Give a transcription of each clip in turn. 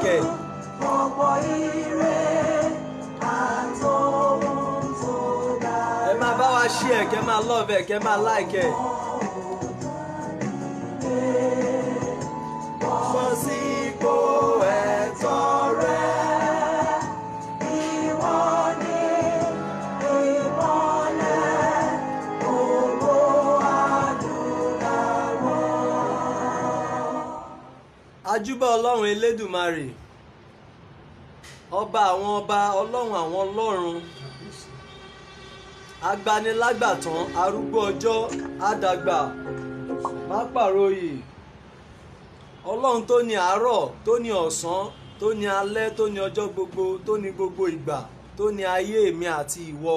ìkẹ́. ọ̀pọ̀ ire àtọ̀hún tó dára. ẹ máa bá wa ṣí ẹ̀ kẹ́ máa lọ́ọ̀bẹ̀ kẹ́ máa láìkẹ́. Like ajúbà ọlọ́run elédùmarè ọba àwọn ọba ọlọ́run àwọn ọlọ́run agbanilágbàtàn arúgbó ọjọ́ àdàgbà má pàròyè ọlọ́run tó ní àárọ̀ tó ní ọ̀sán tó ní alẹ́ tó ní ọjọ́ gbogbo tó ní gbogbo ìgbà tó ní ayé mi àti ìwọ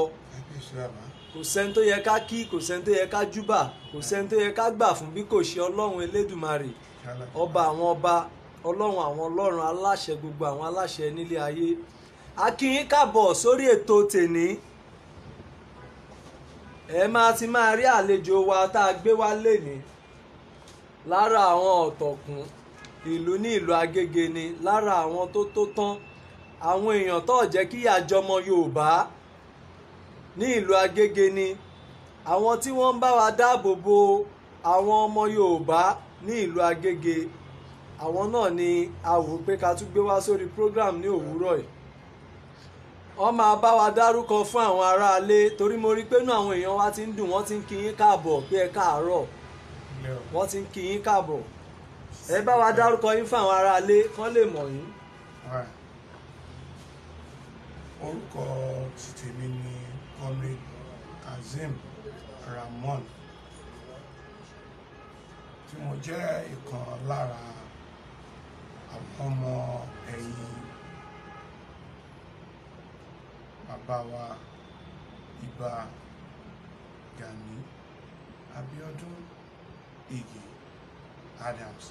kò sẹ́ni tó yẹ ká kí kò sẹ́ni tó yẹ ká júbà kò sẹ́ni tó yẹ ká gbà fún bí kò ṣe ọlọ́run elédùmarè ọba àwọn ọba ọlọ́run àwọn ọlọ́run aláṣẹ gbogbo àwọn aláṣẹ nílé ayé a kí yín káàbọ̀ sórí ètò tèní ẹ máa ti máa rí àlejò wa tá a gbé wá lénìí lára àwọn ọ̀tọ̀kùn ìlú ní ìlú Agége ni lára àwọn tó tó tán àwọn èèyàn tó jẹ́ kí àjọmọ Yorùbá ní ìlú Agége ni àwọn tí wọ́n ń bá wa dáàbò bo àwọn ọmọ Yorùbá ní ìlú Agége àwọn náà ni a wò pé ká tún gbé wá sórí program ní òwúrọ̀ yìí wọ́n máa bá wa dárúkọ fún àwọn aráalé torí mo rí pé inú àwọn èèyàn wa ti ń dùn wọ́n ti ń kí yín káàbọ̀ pé ẹ káàárọ̀ wọ́n ti ń kí yín káàbọ̀ ẹ bá wa dárúkọ yín fún àwọn aráalé kán lè mọ̀ yín. orúkọ tèmi ni comrade Kazeem Ramon mo jẹ́ ìkan lára àwọn ọmọ ẹ̀yìn bàbá wa Ìbà Gani Abíọ́dún Igi, Adams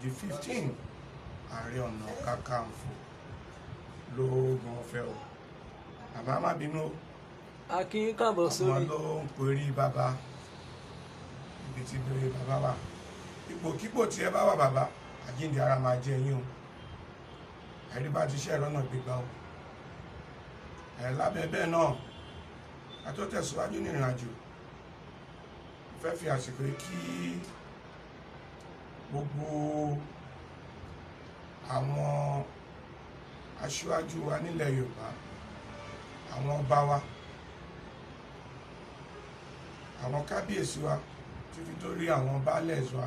the fifteen Ààrẹ Ọ̀nà Kakanfò lóògùn ọ̀fẹ́ o bàbá má bínú o akínkàbọ̀ sórí ọmọ ló ń perí bàbá ibi tí perí bàbá wà ipòkípò tí ẹ bá wà bàbá àjíǹde ara máa jẹ yín o ẹ̀rí bá ti ṣe ìrọ́nà gbígbà o ẹ̀ lábẹ́ bẹ́ẹ̀ náà a tó tẹ̀síwájú ní ìrìnàjò fẹ́ fi àsìkò yìí kí gbogbo àwọn aṣíwájú wa nílẹ̀ Yorùbá àwọn ọba wa àwọn kábíyèsí wa títí tó rí àwọn baálẹ̀ wa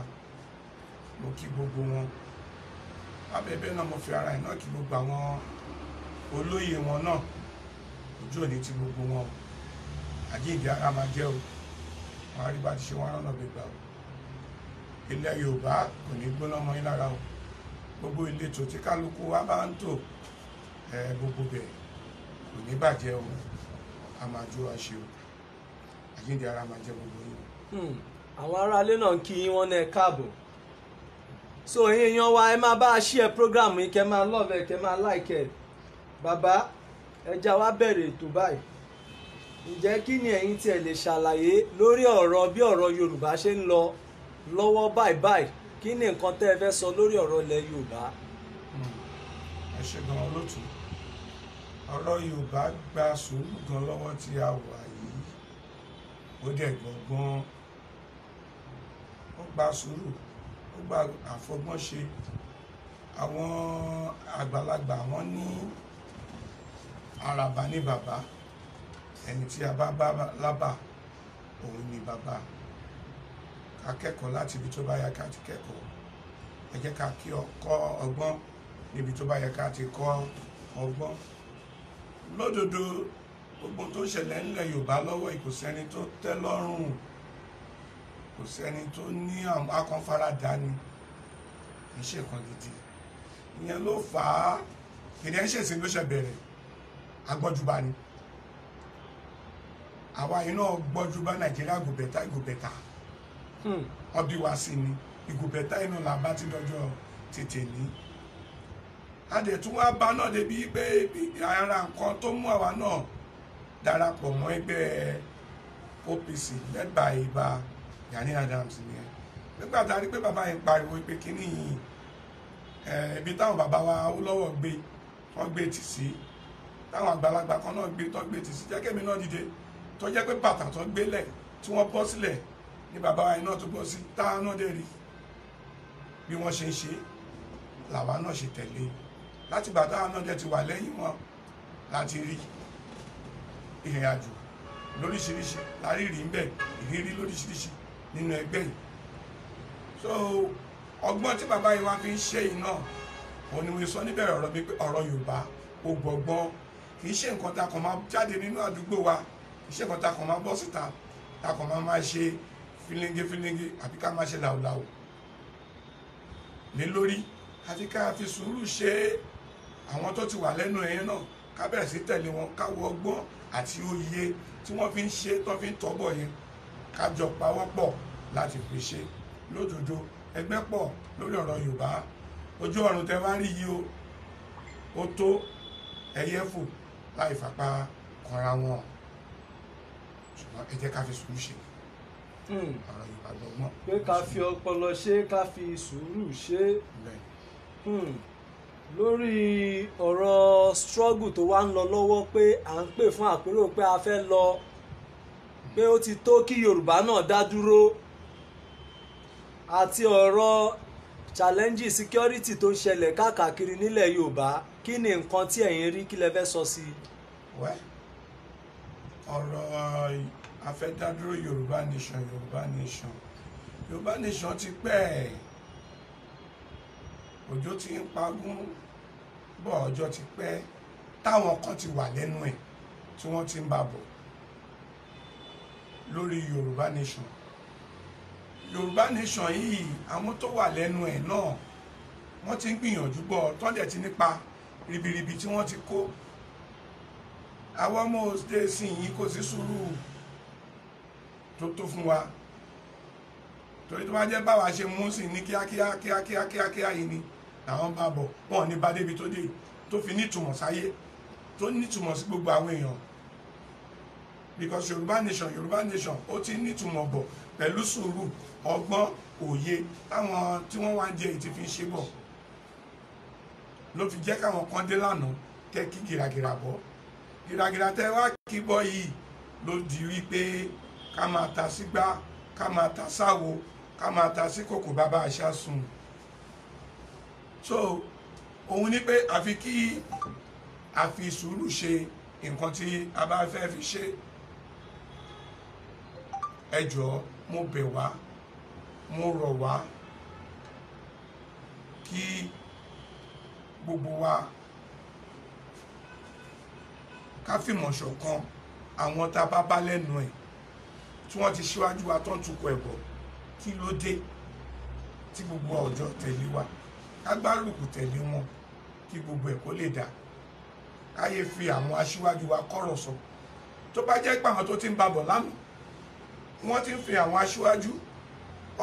mo kí gbogbo wọn abẹ́bẹ́ náà mo fi ara ẹ̀ náà kí gbogbo àwọn olóyè wọn náà ojú òní ti gbogbo wọn àjíǹde ara máa jẹ́ o wọn á rí bá ti ṣe wọn rán gbígbà o ilẹ̀ Yorùbá kò ní gbóná mọ́ yín lára o gbogbo ìletò tí kálukú wa bá ń tò gbogbo bẹ̀ kò ní bàjẹ́ o a máa jó wa ṣe o àjíǹde ara máa jẹ́ gbogbo yín. Hmm. àwọn aráalé náà ń kí wọn náà káàbọ̀ so ẹ̀yin èèyàn wa ẹ máa bá a share program yìí kẹ́ máa love ẹ̀ kẹ́ máa like ẹ̀ bàbá ẹja wa bẹ̀rẹ̀ ètò báyìí ǹjẹ́ kí ni ẹ̀yin tiẹ̀ lè ṣàlàyé lórí ọ̀rọ̀ bí ọ̀rọ̀ Yorùbá ṣe ń lọ lọ́wọ́ báyìí báyìí kí ni nǹkan tẹ́ ẹ fẹ́ sọ lórí ọ̀rọ̀ ilẹ̀ Yorùbá. Hmm, ẹ ṣe gan olótùú ọ̀rọ̀ Yorùbá gba sùúrù gan lọ́wọ́ tí a wà yìí ó dẹ̀ gbọ̀ngbọ́n ó gba sùúrù gbà àfọgbọ́n ṣe àwọn àgbàlagbà wọn ní àràbà ní bàbá ẹni tí a bá bá lábà òun ni bàbá ká kẹ́kọ̀ọ́ láti ibi tó bá yẹ ká ti kẹ́kọ̀ọ́ ẹ jẹ́ ká kí ọ ọgbọ́n níbi tó bá yẹ ká ti kọ́ ọgbọ́n lódodo gbogbo tó ṣẹlẹ̀ ńlẹ̀ Yorùbá lọ́wọ́ ìkòsẹ́ni tó tẹ́ lọ́rùn kò sẹ́ni tó ní àrùn ni kì í ṣe nǹkan gidi ìyẹn ló fà á kìdẹ́ ń ṣèṣe ló ṣe bẹ̀rẹ̀ agbọ́júbá ni àwa iná gbọ́júbá nàìjíríà gòbẹ̀tà ìgòbẹ̀tà ọbí wa sí ni ìgòbẹ̀tà inú là bá ti dọjọ́ tètè ní adẹ̀tún wa bá náà débi pé ara nǹkan tó mú àwa náà darapọ̀ mọ́ ẹgbẹ́ OPC led by Gani Adams nìyẹn nígbà tá a rí pé bàbá yẹn pariwo pé kíní ibi táwọn bàbá wa Awólọ́wọ̀ gbé tó gbé tì sí táwọn àgbàlagbà kan náà gbé tó gbé tì sí jẹ́kẹ́mi náà dìde tó jẹ́ pé bàtà tó gbélẹ̀ tí wọ́n bọ́ sílẹ̀ ni bàbá wa yẹn náà tó bọ́ sí táwa náà dẹ̀ rí bí wọ́n ṣe ń ṣe làwa náà ṣe tẹ̀lé láti gbà táwa náà dẹ̀ ti wà lẹ́yìn wọn láti rí ìrìn àjò lóríṣiríṣi lárírí ń bẹ ìrírí lóríṣiríṣi nínú ẹgbẹ́ yìí so ọgbọ́n tí bàbá yìí wá fi ń ṣe yìí náà òun ni mo sọ níbẹ̀rẹ̀ ọ̀rọ̀ mi pé ọ̀rọ̀ Yorùbá ó gbọ̀gbọ́n kì í ṣe nǹkan ta kàn máa jáde nínú àdúgbò wa kì í ṣe nǹkan ta kàn máa bọ́ síta ta kàn máa máa ṣe fílíngé fílíngé àbí ká máa ṣe làwùlàwù lé lórí àfi ká fi sùúrù ṣe àwọn tó ti wà lẹ́nu ẹ̀yẹn náà ká bẹ̀rẹ̀ sí tẹ̀lé wọn ká ọgbọ́n àti òye tí wọ́n fi ń ṣe tó fi ń tọ́bọ̀ yẹn kájọ pawọ́pọ̀ láti fi ṣe lódodo ẹgbẹ́ pọ̀ lórí ọ̀rọ̀ Yorùbá ojú ọ̀run tẹ bá rí yìí o ó tó ẹyẹ fò láì fapá kanra wọn ṣùgbọ́n ẹ jẹ́ ká fi sùúrù ṣe hmm. ọ̀rọ̀ Yorùbá lọ́gbọ́n. pé ká fi ọpọlọ ṣe ká fi sùúrù ṣe hmm. lórí ọ̀rọ̀ struggle tó wá ń lọ lọ́wọ́ pé à ń pè fún àpérò pé a fẹ́ lọ pé ó ti tó kí yorùbá náà dá dúró àti ọ̀rọ̀ challenge security tó ń ṣẹlẹ̀ káàkiri nílẹ̀ yorùbá kí ni nǹkan tí ẹ̀yin rí kí lẹ fẹ́ sọ sí i. wẹ́ ọ̀rọ̀ afẹ́dádúró yorùbá nation yorùbá nation yorùbá nation ti pẹ́ ẹ̀ òjò ti ń pagún bọ̀ ọjọ́ ti pẹ́ táwọn kan ti wà lẹ́nu ẹ̀ tí wọ́n ti ń bà lórí yorùbá nation yorùbá nation yìí àwọn tó wà lẹ́nu ẹ̀ náà wọ́n ti ń gbìyànjú bọ̀ tọ́jà ti nípa ribiribi tí wọ́n ti kó àwọn ọmọ òde sìn yìí kò sí sùúrù tó tó fún wa torí tó bá jẹ́ báwa ṣe mú sí ní kíákíá kíákíá kíákíá yìí ni làwọn bá bọ̀ wọn ò ní bá débi tó dé tó fi nítumọ̀ sáyé tó nítumọ̀ sí gbogbo àwọn èèyàn because yorùbá nation yorùbá nation ó ti nítumọ̀ bọ̀ pẹ̀lú sùúrù ọgbọ́n òye táwọn tí wọ́n wá ń jẹ fi ń ṣe bọ̀ ló fi jẹ́ káwọn kan dé lánàá tẹ́ kí gìràgìrà bọ́ gìràgìrà tẹ́ wá kí bọ́ yìí ló di wípé ká máa ta sígbá ká máa ta sáwo ká máa ta sí kòkò bàbá àṣà sùn so òun ni pé àfi kí a fi sùúrù ṣe nǹkan tí a bá fẹ́ fi ṣe ẹ jọ̀ọ́ mo bẹ̀ wá mo rọ̀ wá kí gbogbo wa ká fìmọ̀ ṣọ̀kan àwọn tá a bá bá lẹ́nu ẹ̀ tí wọ́n ti ṣíwájú wa tó ń tukọ̀ ẹ̀bọ̀ kí ló dé tí gbogbo ọjọ́ tẹ̀lé wa ká gbárùkù tẹ̀lé wọn kí gbogbo ẹ̀ kó lè dà káyé fi àwọn aṣíwájú wa kọ̀rọ̀ sọ tó bá jẹ́ pé àwọn tó ti ń babọ̀ lánàá wọ́n ti ń fi àwọn aṣíwájú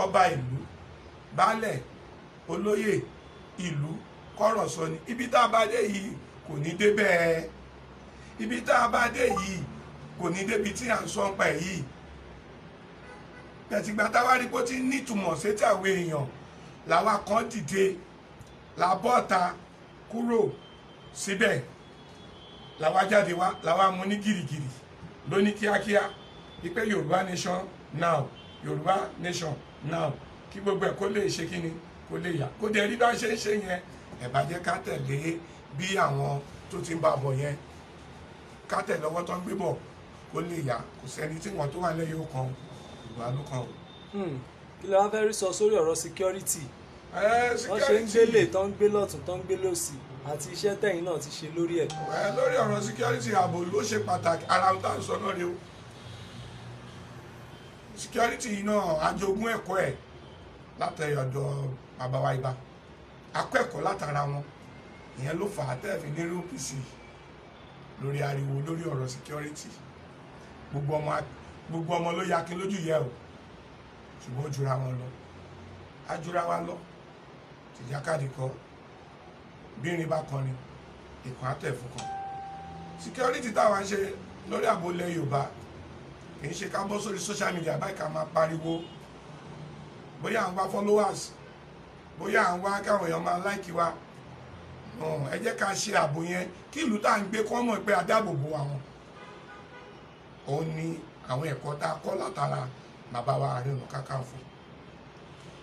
ọba ìlú baálẹ̀ olóyè ìlú kọ́rọ̀ sọ ni ibi tá a bá dé yìí kò ní débẹ̀ ibi tá a bá dé yìí kò ní débi tí à ń sọ nípa ẹ̀ yìí tẹ̀sígbà táwa rí pé ó ti nítumọ̀ sétí àwọn èèyàn làwa kan dìde làbọ́ta kúrò síbẹ̀ làwa jáde wá làwa mú ní gìrìgìrì lóní kíákíá wípé Yoruba nation now Yoruba nation now kí gbogbo ẹ̀ kó lè ṣe kí ni kó lè yá kó dẹ̀ rí bá ṣe ń ṣe yẹn ẹ bá jẹ́ ká tẹ̀lé bí àwọn tó ti ń bá bọ̀ yẹn ká tẹ̀lé ọwọ́ tó ń gbé bọ̀ kó lè yá kò sẹ́ni tí wọ́n tó wà lẹ́yìn òkan ìgbà ló kan o. Hmm. kí ló wá fẹ́ rí sọ sórí ọ̀rọ̀ security wọ́n ṣe ń gbélé tó ń gbé lọ́tún tó ń gbé lọ́sì àti iṣẹ́ tẹ̀yìn náà ti ṣe lórí ẹ̀. lórí ọ̀rọ̀ security ààbò ló ṣe pàtàkì ara ọ̀tá ìsọ̀nà rẹ o security yìí náà ajogún ẹ̀kọ́ ẹ̀ látàrí ọ̀dọ̀ bàbá wa ibà akọ́ ẹ̀kọ́ látara wọn ìyẹn ló fà á tẹ́ẹ̀fì ní rúpìsì lórí ariwo lórí ọ̀rọ̀ security gbogbo ọmọ gbogbo ọmọ ló yá kí lójú yẹ o ṣùgbọ́n ó jura wọn lọ á jura wa lọ tìjàkadì kọ bínrin bá kọni ìkan àtẹ̀fún kan security táwa ń ṣe lórí àbò Yorùbá kì í ṣe ká bọ́ sórí social media báyìí ká máa pariwo bóyá à followers bóyá à ń wá èèyàn máa like wa ẹ jẹ́ ká ṣe ààbò yẹn kí ìlú tá à ń gbé kọ́ mọ̀ pé adáàbòbò àwọn òun ni àwọn ẹ̀kọ́ tá a kọ́ látara bàbá wa Ààrẹ Ọ̀nà Kakanfò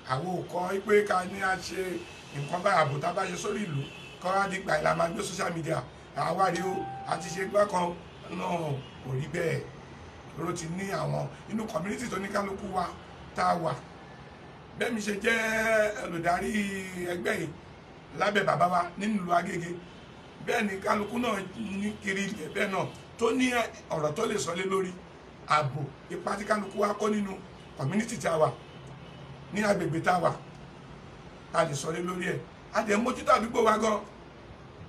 àwọn òkọ́ pé ká ní a ṣe nǹkan bá ààbò tá a bá ṣe sórí ìlú kọ́ á di gbà ìlànà gbé social media àwa rí o àti ṣe gbá kan náà kò rí bẹ́ẹ̀ ló ti ní àwọn inú community tó ní kálukú wa tá a wà bẹ́ẹ̀ mi ṣe jẹ́ olùdarí ẹgbẹ́ yìí lábẹ́ bàbá wa nílùú Agége bẹ́ẹ̀ ni kálukú náà ní kiri ilẹ̀ bẹ́ẹ̀ náà tó ní ọ̀rọ̀ tó lè sọlé lórí ààbò ipa tí kálukú wa kó nínú community tá a wà ní agbègbè tá a wà tá a lè sọlé lórí ẹ̀ a dẹ̀ mójútó àdúgbò wa gan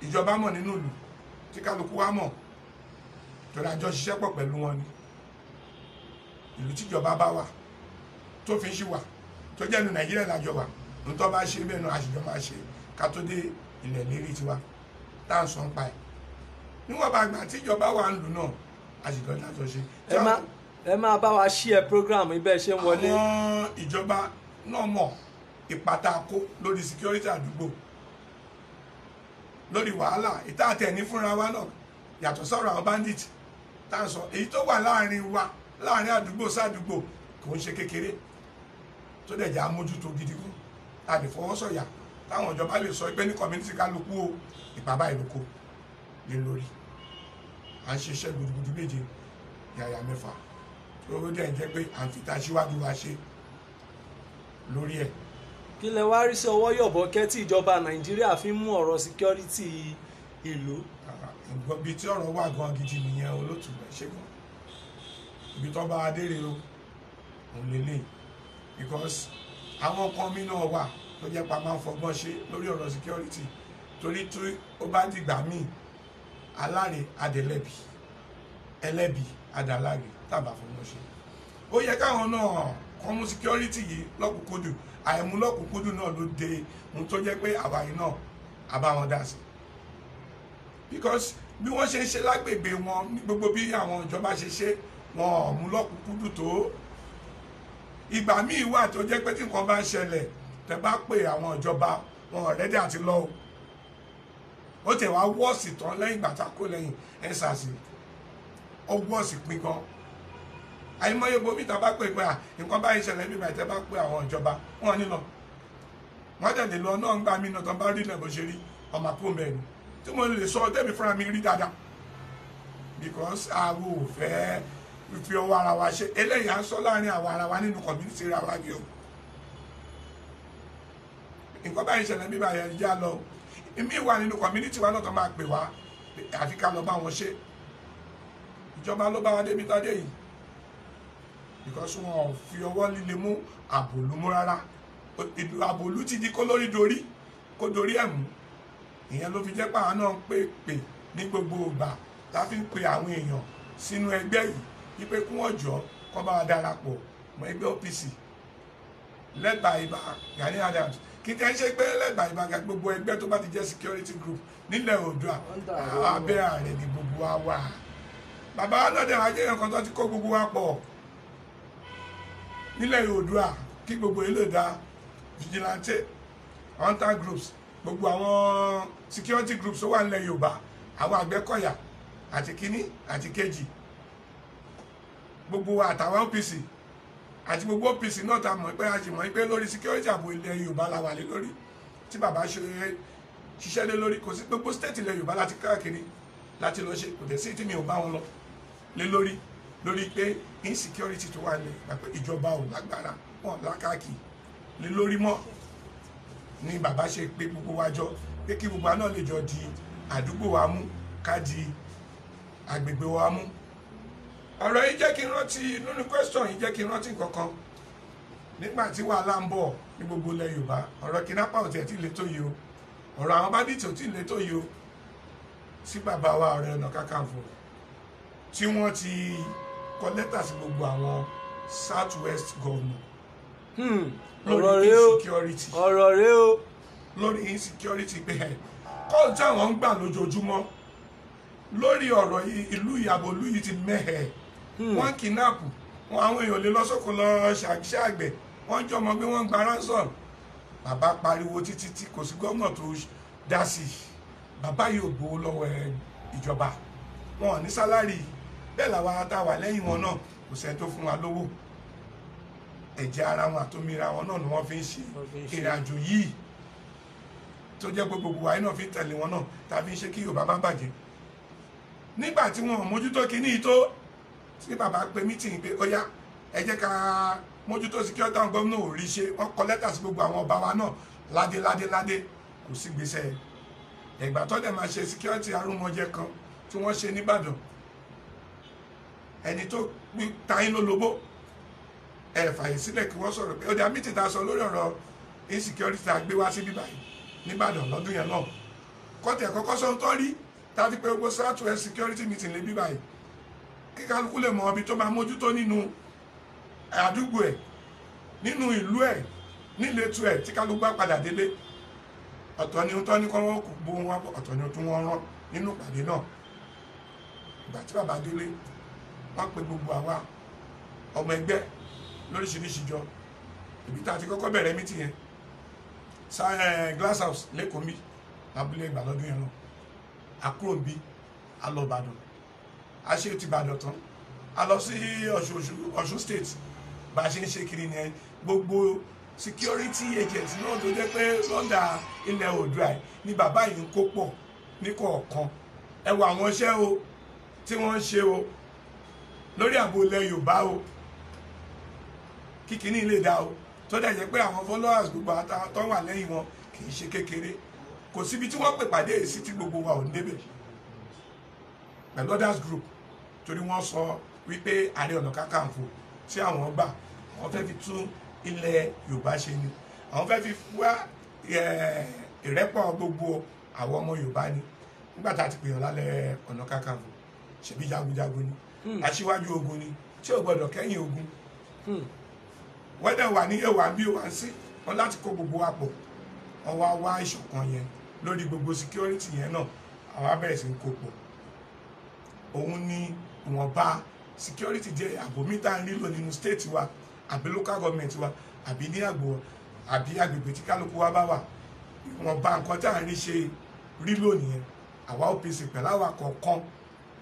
ìjọba mọ̀ nínú ìlú tí kálukú wa mọ̀ torí àjọ ṣiṣẹ́ pọ̀ pẹ̀lú wọn ni ìlú tíjọba bá wà tófin ṣì wà tó jẹ́ nu nàìjíríà làjọ wà nítorí bá ṣe bẹ́ẹ̀ nu àṣìjọ máa ṣe ká tó dé ilẹ̀ lérí tiwa tá à ń sọ́n pa ẹ̀ níwọ̀n bá gbà tíjọba wà ń lù náà àṣìjọ lájọ ṣe. ẹ máa bá wa ṣí ẹ program ibẹ̀ ṣe ń wọlé. àwọn ìjọba náà mọ̀ ìpàtàkó lórí security àdúgbò lórí wàhálà ìtàtẹ̀ ní fúnra wa náà yàtọ̀ sọ̀rọ̀ àwọn bandit tá à ń sọ èyí tó wà láàrin wa láàrin àdúgbò sádùgbò kò ń ṣe kékeré tó dẹ̀ jẹ́ amójútó gidi gan tàbí fọwọ́sọ̀yà táwọn ìjọba lè sọ pé ní community kálukú o ìpàbá ìlúkọ lè lórí à ń ṣiṣẹ́ gudugudu méje yàyà mẹ́fà tó dẹ̀ jẹ́ pé à ń fi ta síwájú wa ṣe lórí ẹ̀. kí lẹ wá rí sí ọwọ́ yọ̀bọ̀ kẹ́ tí ìjọba nàìjíríà fi ń mú ọ̀rọ̀ security ìlú. ibi tí ọ̀rọ̀ wà gan gidi nìyẹn olótùú ṣe gan ibi tó bá adére o òun lélẹ̀ because àwọn kan mi náà wà tó jẹ́ pa máa ń fọgbọ́n ṣe lórí ọ̀rọ̀ security torí tí ó bá dìgbà míì aláre adẹ̀lẹ́bi ẹlẹ́bi adàláre tàbá fọgbọ́n ṣe ó yẹ káwọn náà kọ́ mú security yìí lọ́kùnkúndùn àìmú lọ́kùnkúndùn náà ló de ohun tó jẹ́ pé àwa yìí náà àbáwọn dá sí because bí wọ́n ṣe ń ṣe lágbègbè wọn ní gbogbo bí àwọn ìjọba ṣe ṣe wọn ò mú lọ́kùnkúndùn tó ìgbà míì wà tó jẹ́ pé tí nǹkan bá ń ṣẹlẹ̀ tẹ́ bá pè àwọn ìjọba wọn ò rẹ́dí àti lọ o ó tẹ̀ wá wọ́ọ̀sì tán lẹ́yìn ìgbà tá a kó lẹ́yìn nsars ó wọ́ọ̀sì pín gan àìmọye bomi tá a bá pè pé à nǹkan bá ń ṣẹlẹ̀ bíbá tẹ́ bá pè àwọn ìjọba wọn ní lọ wọn jáde lọ náà ń gbà mí náà tán bá rí náà bó ṣe rí ọmọ àpòǹbẹ ni tí mo lè sọ tẹ́mi fúnra mi rí dáadáa because àwọn ò fẹ́ẹ́ fífi ọwọ́ ara wa ṣe eléyìí à ń sọ láàrin àwọn ara wa nínú community ra wa ni o nǹkan báyìí ṣẹlẹ̀ bíbá yẹn já lọ ìmí wà nínú community wa náà tó máa pè wá àfi ká lọ bá wọn ṣe ìjọba ló bá wa débi tádé yìí because wọn ò fi ọwọ́ líle mú àbòlú mú rárá àbòlú ti di kó lórí dorí kó dorí ẹ̀ mú ìyẹn ló fi jẹ́ pàwọn náà pè pè ní gbogbo ìgbà láfi ń àwọn èèyàn sínú ẹgbẹ́ yìí wípé kí wọ́n jọ kó bá darapọ̀ mọ́ ẹgbẹ́ OPC led by Ìbà Gani Adams kí n tẹ́ ṣe pé led by Ìbà gbogbo ẹgbẹ́ tó bá ti jẹ́ security group nílẹ̀ Oòduà àwọn abẹ́ ààrẹ ni gbogbo wa wà bàbá ọlọ́dẹ wa jẹ́ nǹkan tó ti kó gbogbo wa pọ̀ nílẹ̀ Oòduà kí gbogbo yìí lè dá vigilante hunter groups gbogbo àwọn security groups tó wà nílẹ̀ Yorùbá àwọn Àgbẹ̀kọ̀yà àti kínní àti kejì gbogbo àtàwọn OPC àti gbogbo OPC náà ta mọ̀ pé a pé lórí security ààbò ilẹ̀ Yorùbá la wà lé lórí tí bàbá ṣe ṣiṣẹ́ lé lórí kò sí gbogbo state ilẹ̀ Yorùbá láti káàkiri láti lọ ṣe kò dẹ̀ sí tí mi ò bá wọn lọ lé lórí lórí pé insecurity tó wà ní pàpẹ́ ìjọba ò lágbára wọn lákàkì lé lórí mọ́ ni bàbá ṣe pé gbogbo wa jọ pé kí gbogbo wa náà lè jọ di àdúgbò wa mú ká di agbègbè wa mú ọ̀rọ̀ yìí jẹ́ kí n rántí inú ní question yìí jẹ́ kí n rántí nǹkan kan nígbà tí wàhálà ń bọ̀ ní gbogbo ilẹ̀ yorùbá ọ̀rọ̀ kidnapper ò tiẹ̀ tí ì létò yìí o ọ̀rọ̀ àwọn bandits ò tí ì létò yìí o sí bàbá wa Ààrẹ Ọ̀nà Kakanfò tí wọ́n ti kọ lẹ́tà sí gbogbo àwọn south west governor hmm, lórí insecurity ọ̀rọ̀ rẹ o lórí insecurity pé ẹ̀ kọ́ọ̀lù táwọn ń gbà lójoojúmọ́ lórí ọ̀rọ̀ ìlú Ìyábọ̀ Òlu yìí ti mẹ́hẹ̀ẹ́ Hmm. wọ́n kidnap wọn àwọn èèyàn lè lọ sóko lọ ṣàṣẹ́ àgbẹ̀ wọ́n jọmọ pé wọ́n gba ransom bàbá pariwo títí tí kò sí gómìnà tó dá sí i bàbá yóò gbowó lọ́wọ́ eh, ìjọba wọn ò ní sálárì bẹ́ẹ̀ làwa tá a wà lẹ́yìn wọn náà kò sẹ́ni tó fún wa lówó ẹ̀jẹ̀ ara wọn àtòmíra wọn náà ni wọ́n fi ń ṣe ìrìnàjò yìí tó jẹ́ pé gbogbo wáyé náà fi ń tẹ̀lé wọn náà tàbí ń ṣe kí Yorùbá má bàjẹ́ nígbà tí wọn ò mójútó kinní tó tí bàbá pe mítìnì pé ó yá ẹ jẹ́ ká mójútó síkírọ́tà àwọn gómìnà ò rí ṣe wọ́n kọ lẹ́tà sí gbogbo àwọn ọba wa náà ládé ládé ládé kò sí gbèsè ẹ̀gbà tó dẹ̀ máa ṣe síkírọ́tì arúmọjẹ kan tí wọ́n ṣe nìbàdàn ẹni tó tayín ló lobó ẹ fàyè sílẹ̀ kí wọ́n sọ̀rọ̀ pé ọjà mítìnì ta sọ lórí ọ̀rọ̀ insecurity ta gbé wá sí bíbáyìí nìbàdàn lọ́dún yẹn náà kọ́tẹ̀ kọ́kọ́ sọ́ńtọ́ tá a ti pé gbogbo south west security meeting lè bíbáyìí kí kálukú lè mọ ibi tó máa mójútó nínú àdúgbò ẹ̀ nínú ìlú ẹ̀ níletò ẹ̀ tí kálukú bá padà délé ọ̀tọ̀ ni tó ní kọ́wọ́ kò bó wọn ọ̀tọ̀ ni tó wọ́n rán nínú ìpàdé náà ìgbà tí bàbá délé wọ́n pe gbogbo àwa ọmọ ẹgbẹ́ lóríṣiríṣi jọ ibi tá a ti kọ́kọ́ bẹ̀rẹ̀ mítì yẹn glass house lẹ́kọ̀ọ́ mi lábúlé ìgbà yẹn lọ àkúrò ń bí alọ́bàdàn a ṣe tìbàdàn tán a lọ sí ọ̀ṣun state bá a ṣe ń ṣe kiri yẹn gbogbo security agent náà tó jẹ́ pé lọ́ndà ilẹ̀ oòdùà ni bàbá yìí ń kó pọ̀ ní kọ̀ọ̀kan ẹ wo àwọn iṣẹ́ o tí wọ́n ń ṣe o lórí ààbò ilẹ̀ yorùbá o kíkiní lè dá o tó dẹ̀ jẹ́ pé àwọn followers gbogbo àtàwọn wà lẹ́yìn wọn kì í ṣe kékeré kò síbi tí wọ́n pè pàdé èsì tí gbogbo wa ò ń pẹ̀lú others group torí wọ́n sọ wípé ààrẹ ọ̀nà kakanfò tí àwọn gbà àwọn fẹ́ fi tún ilẹ̀ yorùbá ṣe ni àwọn fẹ́ fi wá ìrẹ́pọ̀ gbogbo àwọn ọmọ yorùbá ni nígbà tá a ti pèyàn lálẹ́ ọ̀nà kakanfò ṣèbí jagunjagun ni hmm. aṣíwájú ogun ni tí ò gbọdọ̀ kẹ́yìn ogun hmm. wọ́n dẹ̀ wà ní ẹ̀wà bí wà sí wọn láti kó gbogbo wa pọ̀ wọn wá ìṣọ̀kan yẹn lórí gbogbo security yẹn náà àwa bẹ̀rẹ̀ sí ń kó pọ̀ òun ni ìwọ̀nba security jẹ́ ààbò mítà ń rí lò nínú state wa àbí local government wa àbí ní àgbò àbí agbègbè tí kálukú wa bá wà ìwọ̀nba nǹkan tí à ń rí ṣe rí lò nìyẹn àwa OPC pẹ̀lú àwa kọ̀ọ̀kan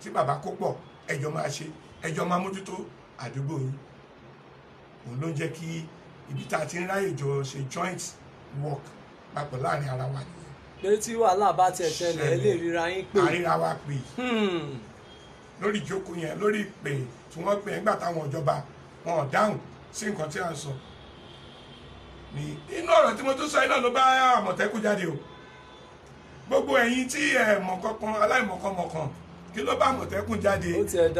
tí bàbá kó pọ̀ ẹjọ́ máa ṣe ẹjọ́ máa mójútó àdúgbò yìí òun ló ń jẹ́ kí ibi tá a ti ń ráyè jọ ṣe joint work papọ̀ láàrin ara wa nìyẹn. lórí tí wàhálà bá tẹ̀ tẹ̀lé ẹ lè ríra yín pè. àríra wa pè lórí ìjókòó yẹn lórí ìpè tí wọ́n pè nígbà táwọn ìjọba wọn ò dáhùn sí nǹkan tí à ń sọ ni inú ọ̀rọ̀ tí mo tún sọ iná ló bá àmọ̀tẹ́kùn jáde o gbogbo ẹ̀yin tí ẹ mọ̀kànkan aláìmọ̀kànmọ̀kàn kí ló bá àmọ̀tẹ́kùn jáde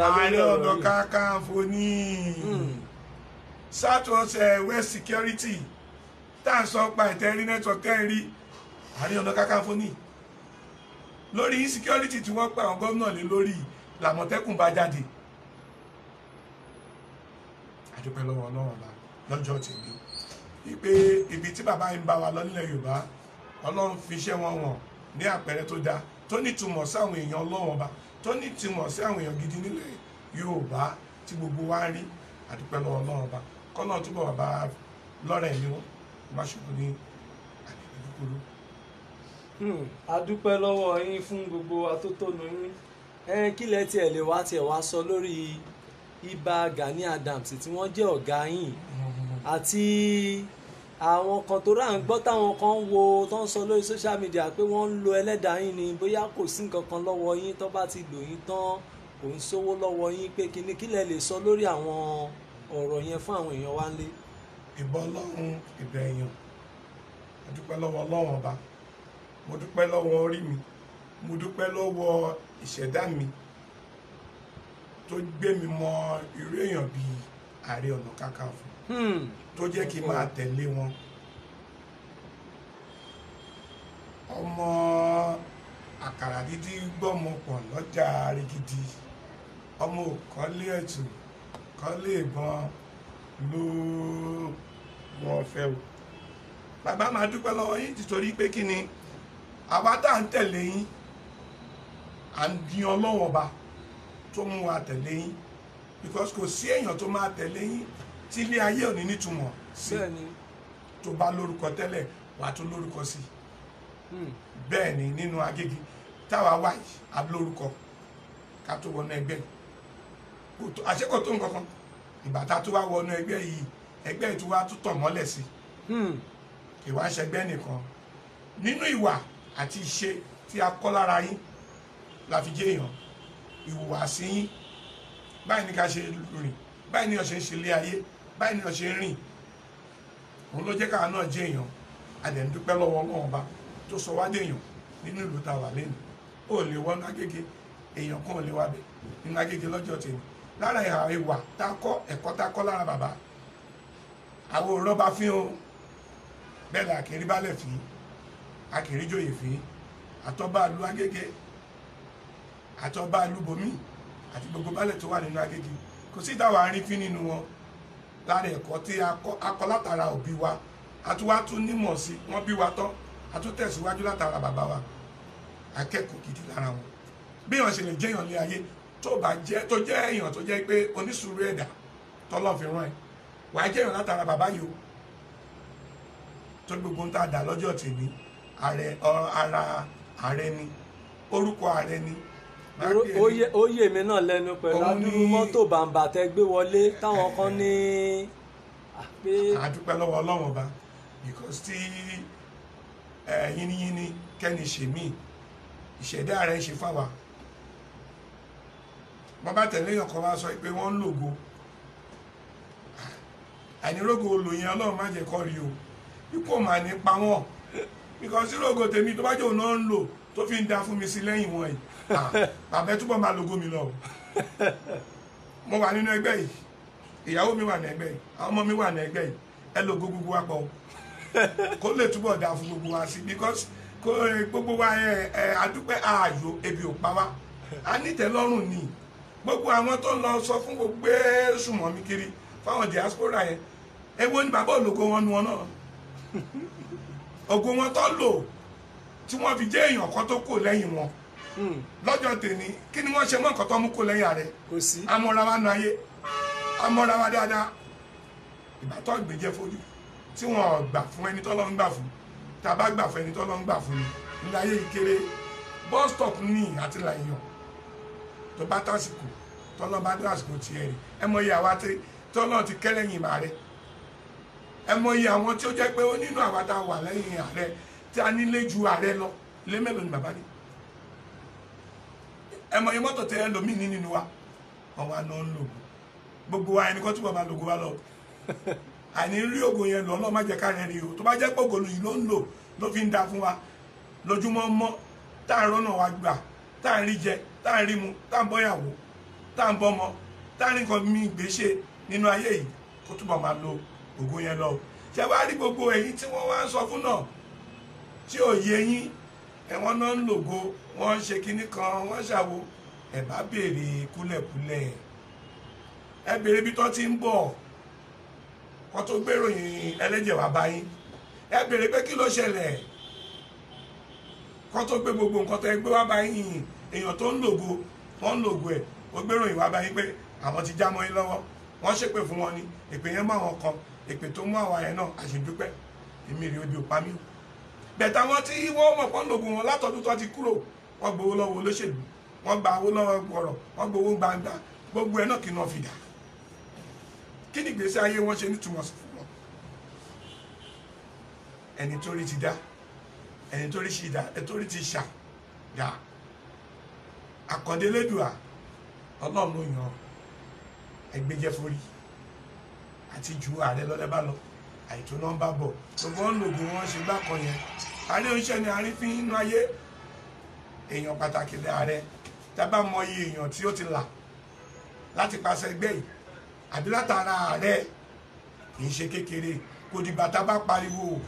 ààrẹ ọ̀nà kakanfò ní hmm. southwest eh, west security tá à ń sọ pa ìtẹ́rí network kẹ́rí ààrẹ ọ̀nà kakanfò ní lórí insecurity tí wọ́n pa àwọn gómìnà lé lórí làmọ̀tẹ́kùn bá jáde àdúpẹ́ lọ́wọ́ ọlọ́run la lọ́jọ́ tèmi wípé ibi tí bàbá yìí ń bá wa lọ nílẹ̀ yorùbá ọlọ́run fi iṣẹ́ wọn wọ̀n ní àpẹẹrẹ tó dáa tó nítumọ̀ sáwọn èèyàn ọlọ́run ọba tó nítumọ̀ sí àwọn èèyàn gidi nílẹ̀ yorùbá tí gbogbo wa rí àdúpẹ́ lọ́wọ́ ọlọ́run ọba kọ́nà túbọ̀ bàbá lọ́rẹ̀ mi wọn má ṣùgbọ́n ní àdúgbò kúrú. àdúpẹ́ hmm, lọ́wọ́ yín fún gbogbo atótónu yín kí lẹ tiẹ̀ lè wá tiẹ̀ wá sọ lórí Ìbà Gani Adams tí wọ́n jẹ́ ọ̀gá yín àti àwọn kan tó rà ń gbọ́ táwọn kan ń wo tó ń sọ lórí social media pé wọ́n ń lo ẹlẹ́dàá yín ni bóyá kò sí nǹkan kan lọ́wọ́ yín tó bá ti lò yín tán kò ń sówó lọ́wọ́ yín pé kíní kí lẹ lè sọ lórí àwọn ọ̀rọ̀ yẹn fún àwọn èèyàn wa ńlé. ìbọn lọ́run ìbẹ̀yàn mo lọ́wọ́ ọlọ́run ọba mo dúpẹ́ lọ́wọ́ orí mi mo dúpẹ́ lọ́wọ́ ìṣẹ̀dá mi tó gbé mi mọ irú èèyàn bíi ààrẹ ọ̀nà kakanfò hmm. tó jẹ́ kí n máa tẹ̀lé wọn ọmọ àkàrà dídí gbọ́mọpọ̀ lọ́jà arigidi ọmọ òkọ́lé ẹ̀tù kọ́lé ìbọn ló wọ́n fẹ́ o bàbá máa dúpẹ́ lọ́wọ́ yín títorí pé kí ni àwa tá à ń tẹ̀lé yín à ń dín ọlọ́wọ́n ọba tó mú wa tẹ̀lé yín because kò sí èèyàn tó máa tẹ̀lé yín tí ilé ayé ò ní nítumọ̀ sí tó bá lórúkọ tẹ́lẹ̀ wà tó lórúkọ sí hmm. bẹ́ẹ̀ ni nínú Agége táwa wà yìí a lórúkọ ká tó wọnú ẹgbẹ́ àṣekọ̀ tó nǹkan kan ìgbà tá a tó wá wọnú ẹgbẹ́ yìí ẹgbẹ́ yìí tó wá tó tàn mọ́lẹ̀ sí hmm. ìwà ń ṣẹgbẹ́ nìkan nínú ìwà àti ìṣe tí a kọ́ lára yín la fi jẹ́ èèyàn ìhùwàsí yín báyìí ni ká ṣe rìn báyìí ni ọ̀ṣẹ́ ń ṣe ilé ayé báyìí ni ọ̀ṣẹ́ ń rìn òun ló jẹ́ káà náà jẹ́ èèyàn àdẹ̀ lọ́wọ́ ọlọ́run ọba tó sọ wá déèyàn nínú ìlú tá a wà lẹ́nu ó lè wọnú agége èèyàn kan ò lè wà bẹ̀ nínú agége lọ́jọ́ tèmi lára ìhà ìwà tá a kọ́ ẹ̀kọ́ tá a kọ́ lára bàbá àwọn òró bá fi hàn bẹ́ẹ̀ la àkèrè balẹ̀ fi àkèrè jòyè fi àtọ́bàlú agége àtọba alúbomi àti gbogbo baálẹ̀ tó wà nínú Agége kò sí ìdáwà arínfín nínú wọn lára ẹ̀kọ́ tí a látara òbí wa àtúwá tún nímọ̀ sí wọ́n bí wa tán àtúntẹ̀síwájú látara bàbá wa akẹ́kọ̀ọ́ gidi lára wọn bí èèyàn ṣe lè jẹ́ èèyàn lé ayé tó bá jẹ́ tó jẹ́ èèyàn tó jẹ́ pé onísùúrù ẹ̀dá tọ́lọ́ fi rán ẹ̀ wàá jẹ́ èèyàn látara bàbá yìí o tó gbogbo ń tà dá lọ́jọ́ tèmi ààrẹ ara ààrẹ ni orúkọ ààrẹ ni ó yè mí náà lẹ́nu pẹ̀lú adúrú mọ́tò bàǹbà tẹ́ gbé wọlé táwọn kan ní. àdúpẹ́ ah, lọ́wọ́ ọlọ́run ọba because tí yínníyínní kẹ́ni ṣe mí ìṣẹ̀dá rẹ̀ ṣe fáwa bàbá tẹ̀lé èèyàn kan wá sọ pé wọ́n ń lògo àìnírógo ah, olóyin ọlọ́run má jẹ́ kó rí o bí kò mà ní pa wọ́n because ìrógo tèmi tó bá jẹ́ òun náà ń lò tó fi ń da fún mi sí lẹ́yìn wọn yìí Ah, bàbá túbọ̀ máa lògo mi lọ mo wà nínú ẹgbẹ́ yìí ìyàwó mi wà ní ẹgbẹ́ yìí àwọn ọmọ mi wà ní ẹgbẹ́ yìí ẹ lògo gbogbo wa pọ̀ kó lè túbọ̀ dáa fún gbogbo wa sí because kó gbogbo wa ẹ adúpẹ́ ààyò ebi ò pa wá a nítẹ̀lọ́rùn ni gbogbo àwọn tó ń lọ sọ fún gbogbo sùnmọ́ mi kiri fáwọn diaspora yẹn ewo ni bàbá ológo wọn nu wọn náà ògo wọn tó lò tí wọ́n fi jẹ́ èèyàn kan tó kò lẹ́yìn wọn. Hmm. lọ́jọ́ tèmi kí ni wọ́n ṣe mọ́ nǹkan tó mú kó lẹ́yìn ààrẹ amọ́ra wa nu ayé amọ́ra wa dáadáa ìbátọ́ ìgbèjẹ́ fojú tí wọ́n gbà fún ẹni tọ́lọ́ ń gbà fún tàbá gbà fún ẹni tọ́lọ́ ń gbà fún ní ayé ìkéré bus stop ní àti làyàn tó bá tásìkò tọ́lọ́ bá tásìkò tiẹ̀ rẹ̀ ẹ mọ iye àwa tọ́lọ́ ti kẹ́lẹ́yìn ìmọ̀ rẹ̀ ẹ mọ iye àwọn tí ó jẹ́ pé ó nínú àwa tá a wà lẹ́yìn ààrẹ tí a nílé ju ààrẹ lọ lé mélòó ni bàbá ní ẹ mọ iye mọ́tò tẹ ẹlòmíì ní nínú wa wọn wá lọ ń lògùn gbogbo wa ẹni kan túbọ̀ máa lògùn wa lọ àní rí ògùn yẹn lọ ọlọ́ọ̀ má jẹ́ ká yẹn rí o tó bá jẹ́ pé ògùn yìí ló ń lò ló fi ń da fún wa lójúmọ́ mọ́ tá à ń rọ́nà wa gbà tá à ń rí jẹ tá à rí mu tá à bọ́yàwó tá à bọ́mọ tá à rí nǹkan mí gbèsè nínú ayé yìí kó túbọ̀ máa lo ògùn yẹn lọ ṣe wá rí gbogbo èyí tí wọ́n wá ń sọ fún náà tí ò yé yín ẹ̀wọ̀n náà ń lògo wọ́n ṣe kinní kan wọ́n ṣàwo ẹ bá béèrè kúlẹ̀kúlẹ̀ ẹ béèrè ibi tó ti ń bọ̀ wọ́n tó gbéròyìn ẹlẹ́jẹ̀ wá bá yín ẹ béèrè pé kí ló ṣẹlẹ̀ kọ́ tó gbé gbogbo nǹkan tẹ́ gbé wá bá yín èèyàn tó ń lògo wọ́n ń lògo ẹ̀ ó gbéròyìn wá bá yín pé àwọn ti já mọ́ yín lọ́wọ́ wọ́n ṣépè fún wọn ni èpè yẹn mọ́ àwọn kan èpè tó mú àwọn yẹn náà àṣejúpẹ́ èmi rèé ojú òpá mi bẹ̀tà wọn tí wọ́n mọ̀ pọ́n lògùn wọn látọ̀dún tó ti kúrò wọ́n gbowó lọ́wọ́ olóṣèlú wọ́n gba owó lọ́wọ́ ọ̀rọ̀ wọ́n gbowó gbangba gbogbo ẹ̀ náà kì í náà fi dà kí ni ìgbésí ayé wọn ṣe nítumọ̀ sí fún wọn ẹni tó rí ti dá ẹni tó rí ti dá ẹni tó rí ti ṣà dá àkọ́ndélédùà ọlọ́run ló yàn ẹgbẹ́jẹ́ forí àti ju ààrẹ lọ́lẹ́ bá lọ àìtó náà bá bọ̀ gbogbo lògùn wọn ṣe gbá kan yẹn àárín oníṣẹ́ ni àárín fi ń náyé èèyàn pàtàkì ní ààrẹ tábà mọ iye èèyàn tí ó ti là láti pàṣẹ ẹgbẹ́ yìí àbí látara ààrẹ kì í ṣe kékeré kò dìgbà tá pariwo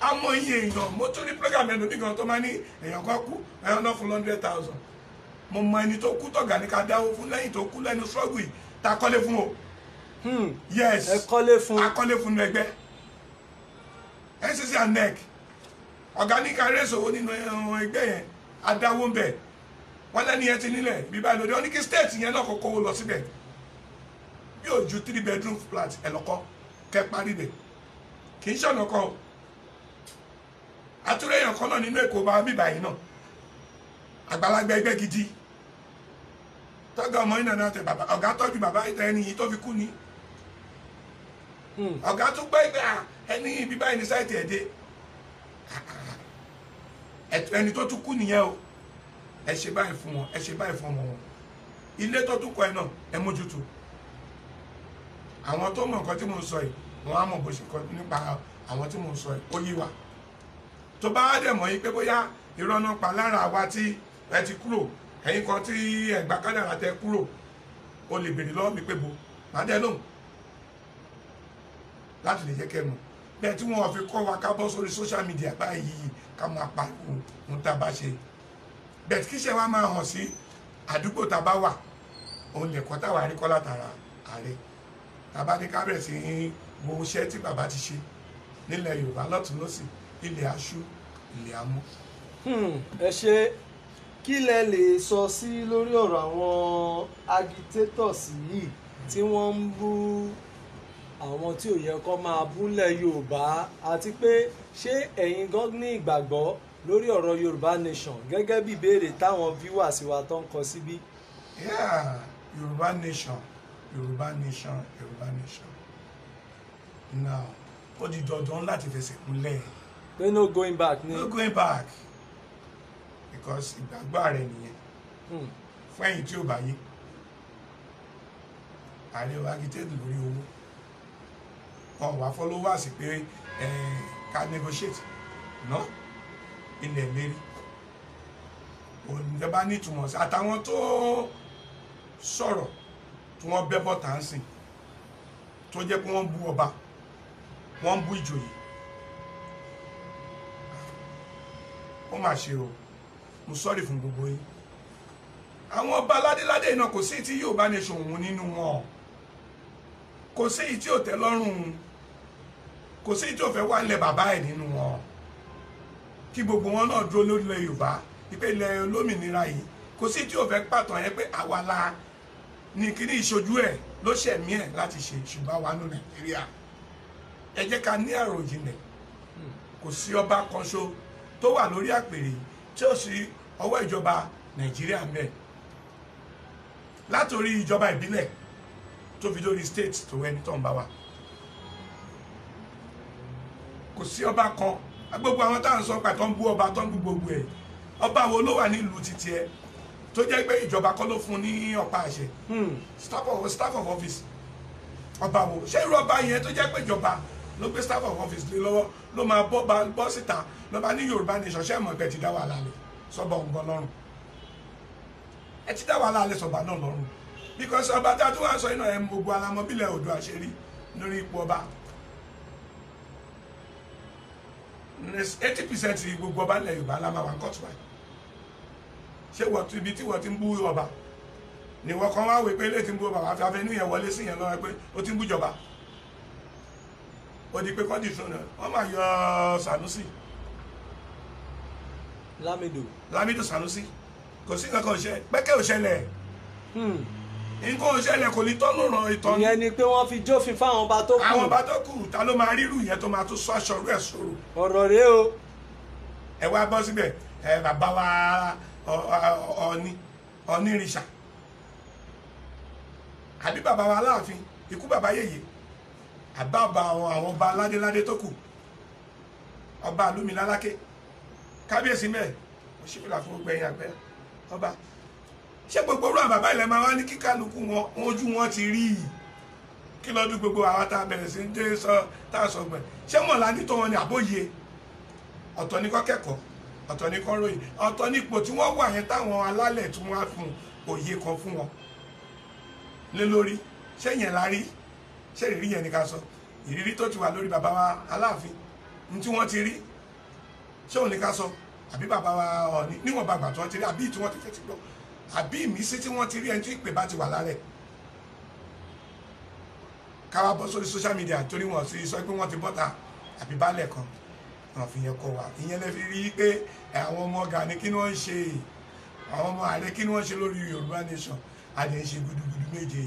a mọ iye èèyàn mo tún ní program ẹnu bí gan tó máa ní èèyàn kan kú èèyàn náà fún hundred thousand mo mọ ẹni tó kú tọ̀gà ní ká dáwó fún lẹ́yìn tó kú lẹ́nu struggle yìí tá kọ́lé fún o hmm. yes ẹ fún ẹgbẹ́ NCC and NEC ọga arrest owó nínú eh, ẹgbẹ́ yẹn adáwó ń bẹ̀ wọ́n lẹ́ni yẹn ti nílẹ̀ bí báyìí lóde yẹn náà lọ síbẹ̀ yóò ju three bedroom flat ẹ̀ lọ́kọ́ kẹ́ parí bẹ̀ kì í ṣọ̀nà kan èèyàn kan náà nínú èkó gidi tọ́gà ọmọ yìí nàná tẹ bàbá ọ̀gá tọ́jú bàbá ẹni yìí tó fi kú ni hmm. ẹni tó tún kú nìyẹn o ẹ ṣe báyìí fún wọn ẹ ṣe báyìí fún ọmọ wọn ilé tó tún kọ ẹ náà ẹ mójútó àwọn tó mọ nǹkan tí mò ń sọ yìí wọn á mọ bó ṣe kọ nípa àwọn tí mò ń sọ yìí ó yí wa tó bá wá dẹ̀ mọ́ yí pé bóyá irọ́ náà pa lára wa tí ẹ ti kúrò ẹ̀yin kan tí ẹ̀gbá kádàrà tẹ kúrò o lè béèrè lọ́wọ́ mi pé bo màá dẹ́ lóhùn láti lè jẹ́ kẹ́ mọ̀ bẹ́ẹ̀ tí wọ́n fi kọ́ wa ká bọ́ sórí social media báyìí ká máa pariwo ohun tá a bá ṣe bẹ́ẹ̀ kí iṣẹ́ wa máa hàn sí àdúgbò tá a bá wà òun lẹ̀kọ́ táwa rí kọ́ látara ààrẹ tá a bá ní ká bẹ̀rẹ̀ sí wo iṣẹ́ tí bàbá ti ṣe nílẹ̀ Yorùbá lọ́tún lọ́sìn ilẹ̀ aṣú ilẹ̀ amú. Hmm, ẹ ṣe kí lẹ lè sọ sí lórí ọ̀rọ̀ àwọn agitators yìí tí wọ́n ń bú àwọn tí ò yẹ kó máa búlẹ̀ yorùbá àti pé ṣé ẹ̀yin gan ní ìgbàgbọ́ lórí ọ̀rọ̀ yorùbá nation gẹ́gẹ́ bí ìbéèrè táwọn viewers wa tó ń kọ síbí. yeah yorùbá nation yorùbá nation yorùbá nation now ó di dandan láti fẹsẹ̀ múlẹ̀. pé no going back ni. no going back because ìgbàgbọ́ rẹ̀ nìyẹn hmm. fún ẹ̀yin tí ò bá yé ààrẹ wa agitate lórí owó kan wá followers pé ká negotiate ná ilẹ̀ lérí òǹdẹ́bá nítumọ̀ sí àtàwọn tó sọ̀rọ̀ tí wọ́n bẹ́ bọ́ta ń sìn tó jẹ́ pé wọ́n bú ọba wọ́n bú ìjòyè ó mà ṣe o mo sọ́rí fún gbogbo yín àwọn ọba ládéládé náà kò sí tí Yorùbá nation òun nínú wọn kò sí tí ò tẹ́ lọ́rùn kò sí tí ò fẹ́ wá ilẹ̀ bàbá ẹ̀ nínú wọn kí gbogbo wọn náà dúró lórílẹ̀ yorùbá ìpè ilẹ̀ olómìnira yìí kò sí tí ò fẹ́ pàtàn yẹn pé àwa la ní kíní ìṣojú ẹ̀ ló ṣẹ̀mí ẹ̀ láti ṣe ṣùgbọ́n wa ní nàìjíríà ẹ jẹ́ ká ní àròjinlẹ̀ kò sí ọba kan ṣo tó wà lórí àpèrè tí ó sì ọwọ́ ìjọba nàìjíríà mẹ́ẹ̀ látòrí ìjọba ìbílẹ̀ tó fi dórí state tó ẹni tó ń bá wa kò sí ọba kan gbogbo àwọn táwọn sọ pàtó ń bú ọba tó ń bú gbogbo ẹ̀ ọba wo ló wà nílùú títí ẹ tó jẹ́ pé ìjọba kọ́ ló fún ní ọ̀pá àṣẹ hmm. staff of staff of office ọba wo ṣé irú ọba yẹn tó jẹ́ pé ìjọba ló gbé staff of office lé lọ́wọ́ ló máa bọ́ ba bọ́ síta ló ní yorùbá nation ṣé ẹ̀mọ̀ ẹ̀bẹ̀ ti dá wàhálà lẹ̀ sọ́ba ọ̀gbọ́n lọ́rùn ẹ ti dá wàhálà lẹ̀ sọ́ba náà lọ́rùn because ọba tá a tún wá sọ iná ẹ̀ mọ̀ gbogbo alamọ́bílẹ̀ odò àṣírí lórí ipò ọba eighty percent gbogbo ọba ilẹ̀ yorùbá la máa wà ń kọ́tù báyìí ṣé wọ́n ti ibi tí wọ́n ti ń bú ọba ni wọ́n kàn wá wí pé ilé ti ń bú ọba wà fẹ́ afẹ́nu yẹn wọlé sí yẹn lọ́wọ́ pé ó ti ń bú jọba ó pé kọ́ndì wọ́n máa yọ Sanusi Lamido Lamido Sanusi kò sí kankan òṣè pẹ́kẹ́ òṣèlè. Hmm nǹkan òṣèlè kò ní tọ́nù ràn ìtọ́ni. ìyẹn ni pé wọ́n fi jófin fáwọn ọba tó kù. àwọn ọba tó kù ta ló máa rírù yẹn tó máa tún sọ aṣọ rẹ̀ sòrò. ọ̀rọ̀ rẹ o. ẹ wá bọ́ síbẹ̀ ẹ bàbá wa ọ̀ọ́ni ọ̀nìrìṣà àbí bàbá wa aláàfin ikú bàbá yèyé àbábà àwọn àwọn ọba aládéládé tó kù ọba àlùmí lálákè kábíyèsí mẹ́ẹ̀ mo fún gbẹ̀yìn àgbẹ̀ ọba ṣé gbogbo orú àbàbá ilẹ̀ máa wá ní kíkálukú wọn ojú wọn ti rí i kí lọ́dún gbogbo àwa tá a bẹ̀rẹ̀ sí ń dé sọ tá a sọ gbẹ̀ ṣé mọ̀lá ní tó wọn ni àbóyè ọ̀tọ̀ ní kọ́ kẹ́kọ̀ọ́ ọ̀tọ̀ ní kọ́ ròyìn ọ̀tọ̀ ní ipò tí wọ́n wà yẹn táwọn alálẹ̀ tí wọ́n á fún òye kan fún wọn lé lórí ṣé yẹn la rí ṣé ìrírí yẹn ni ká sọ ìrírí tó ti wà lórí bàbá wa aláàfin ní tí wọ́n ti rí ṣé òun ni ká sọ àbí bàbá wa ọ̀ọ́ni níwọ̀n bàgbà tí wọ́n ti rí àbí tí wọ́n ti fẹ́ gbọ́ àbí ìmísí tí wọ́n ti rí ẹni tí ìpè bá ti wà lára ẹ̀ bọ́ sórí social media torí wọn sì sọ pé wọ́n ti bọ́ta àbí balẹ̀ kan wọn fi yẹn kọ wa ìyẹn lè fi rí i pé àwọn ọmọ Gani kí ni wọ́n ń ṣe àwọn ọmọ ààrẹ kí ni wọ́n ń ṣe lórí Yorùbá nation àdé ń ṣe gudugudu méje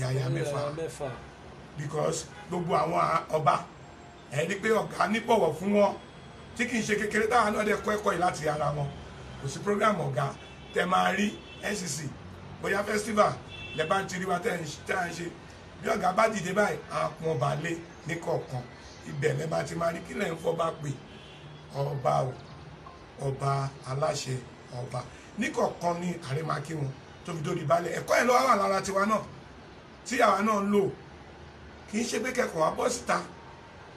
yàyà mẹ́fà because gbogbo àwọn ọba ẹ̀ rí pé ọ̀gá níbọ̀wọ̀ fún wọn tí kì í ṣe kékeré táwọn náà dẹ̀ kọ́ ẹ̀kọ́ yìí láti ara wọn kò sí program ọ̀gá tẹ máa rí NCC e bóyá festival lẹ bá ń tiri wa tẹ́ à ń ṣe bí ọ̀gá bá dìde báyìí àpọn ọba lé ní kọ̀ọ̀kan ibẹ̀ lẹ bá ti máa rí kílẹ̀ ń fọba pè ọba o ọba aláṣẹ ọba ní kọ̀ọ̀kan ní àrèmákí wọn tó fi dórí balẹ̀ ẹ̀kọ́ ẹ̀ ló wà lára tiwa náà tí àwa náà ń lò kì í ṣe pé kẹ́kọ̀ọ́ wa bọ́ síta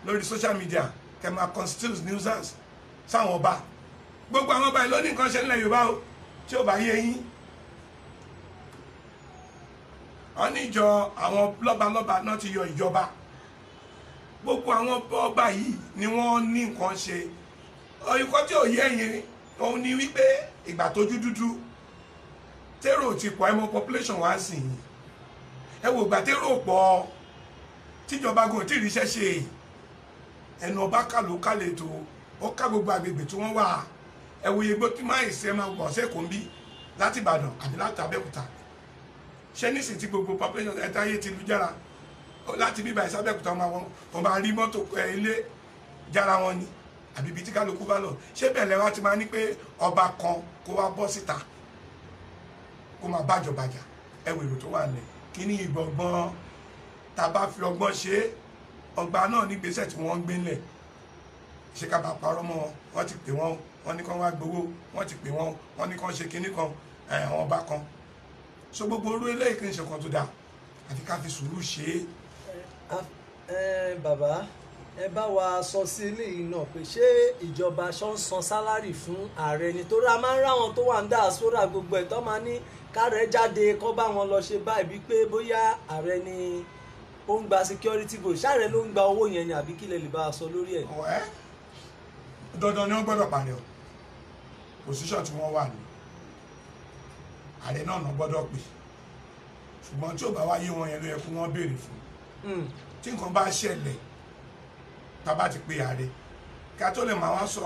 lórí social media kẹ́ máa constitute nuisance sáwọn ọba gbogbo àwọn ọba ìlú ní nǹkan ṣe nílẹ̀ Yorùbá o tí ó bá yé yín wọ́n níjọ àwọn lọ́balọ́ba náà ti yọ ìjọba gbogbo àwọn ọba yìí ni wọ́n ní nǹkan ṣe ikọ́ tí ò yẹ yẹn òun ni wípé ìgbà tójú dúdú térò ti pọ̀ ẹmọ population wá sí i ẹ wò ìgbà térò pọ̀ tíjọba gòun tí ìríṣẹ́ ṣe ẹnu ọba kàló kálẹ̀ tó ó ká gbogbo àgbègbè tí wọ́n wà ẹ wòye gbó tí máa ń ṣe máa wọ̀ ṣẹ́kọ̀ọ́ ń bí láti Ìbàdàn àbí láti Abẹ́òkúta ṣé nísìnyí tí gbogbo population ẹ̀ta ayé ti lu jára láti bíbá ìsábẹ́kúta wọn máa rí mọ́tò ilé jára wọn ni àbí ibi tí kálukú bá lọ ṣé bẹ̀lẹ̀ wa ti máa ní pé ọba kan kó wá bọ́ síta kó máa bàjọ̀bàjà ẹwà èrò tó wà lẹ̀ kí ní ìgbọ̀ngbọ̀n tá a bá fi ọgbọ́n ṣe é ọgbà náà ní gbèsè tí wọ́n ń gbé lẹ̀ ṣé ká bá parọ́ mọ́ wọn ti pè wọ́n wọ́n ní kán wá gbowó wọ́n ti pè wọ́n wọ́n ní kán ṣe kinní kan ọba kan so gbogbo orú eléyìí kì í ṣe kan tó dáa àti ká fi sùúrù ṣe é. bàbá ẹ bá wa sọ sí eléyìí náà pé ṣé ìjọba aṣọ ń san sálárì fún ààrẹ nítorí a máa ń ráwọn tó wà ń dá àsórà gbogbo ẹ̀ tó máa ní kárẹ̀ jáde kọ́ bá wọn lọ ṣe báyìí bí pé bóyá ààrẹ ni ó ń gba security vote ṣáàrẹ ló ń gba owó yẹn ni àbí kí lè lè bá a sọ lórí ẹ̀. ọ̀ẹ́ dandan ni wọ́n gbọ́dọ̀ pàdé o position tí wọ́n wà ní ààrẹ náà náà gbọ́dọ̀ pè ṣùgbọ́n tí ò bá wáyé wọn yẹn ló yẹ kó wọ́n béèrè fún hmm. tí nǹkan bá ṣẹlẹ̀ tàbá ti pe ààrẹ ká tó lè máa wá sọ